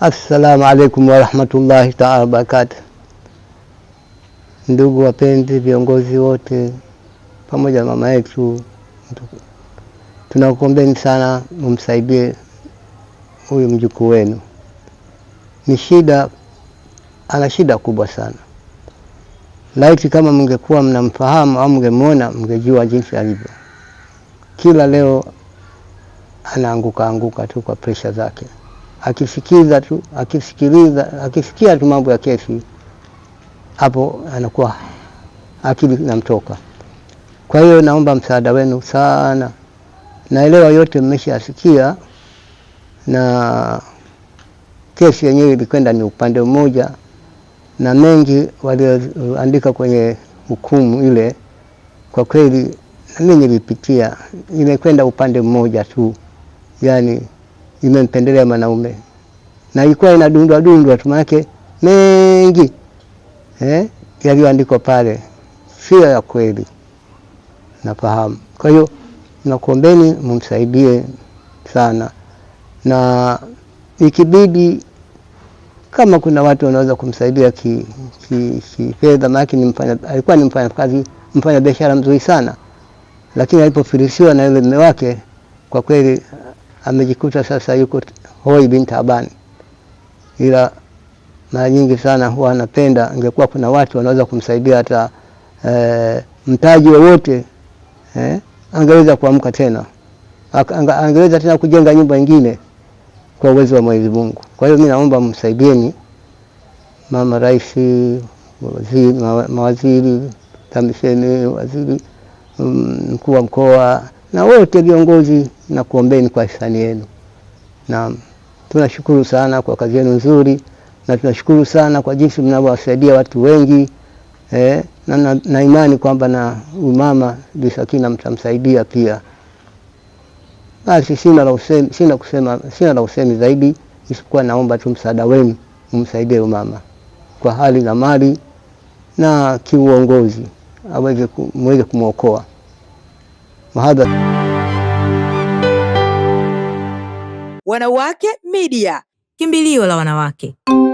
Assalamu alaikum warahmatullahi taala wabarakatu. Ndugu wapenzi, viongozi wote pamoja na mama yetu, tunakuombeni sana mumsaidie huyu mjukuu wenu. Ni shida, ana shida kubwa sana. Laiti kama mngekuwa mnamfahamu au mngemwona, mngejua jinsi alivyo. Kila leo anaanguka anguka tu kwa presha zake akisikiza tu akisikiliza akisikia tu mambo ya kesi, hapo anakuwa akili namtoka. Kwa hiyo naomba msaada wenu sana, naelewa yote mmeshasikia, na kesi yenyewe ilikwenda ni upande mmoja, na mengi walioandika kwenye hukumu ile, kwa kweli nami nilipitia, imekwenda upande mmoja tu yani imempendelea mwanaume na ilikuwa inadundwa dundwa tu, maanake mengi eh, yaliyoandikwa pale sio ya kweli, nafahamu. Kwa hiyo nakuombeni mumsaidie sana, na ikibidi kama kuna watu wanaweza kumsaidia kifedha ki, maanake ni alikuwa ni kazi, mfanya biashara mzuri sana, lakini alipofilishiwa na yule mume wake, kwa kweli amejikuta sasa yuko hoi bin taabani. Ila mara nyingi sana huwa anapenda ingekuwa kuna watu wanaweza kumsaidia hata e, mtaji wowote eh, angeweza kuamka tena angeweza tena kujenga nyumba nyingine kwa uwezo wa Mwenyezi Mungu. Kwa hiyo mimi naomba msaidieni mama rais, mawaziri, tamisemi waziri mkuu wa mkoa na wote viongozi, na kwa hisani yenu, na tunashukuru sana kwa kazi yenu nzuri, na tunashukuru sana kwa jinsi mnavyowasaidia watu wengi eh, na, na, na imani kwamba na umama Bi Sakina mtamsaidia pia. Basi sina la usemi, sina kusema, sina la usemi zaidi isipokuwa naomba tu msaada wenu, umsaidie umama kwa hali na mali na kiuongozi aweze, muweze kumwokoa. وهذا Wanawake Media, kimbilio la wanawake.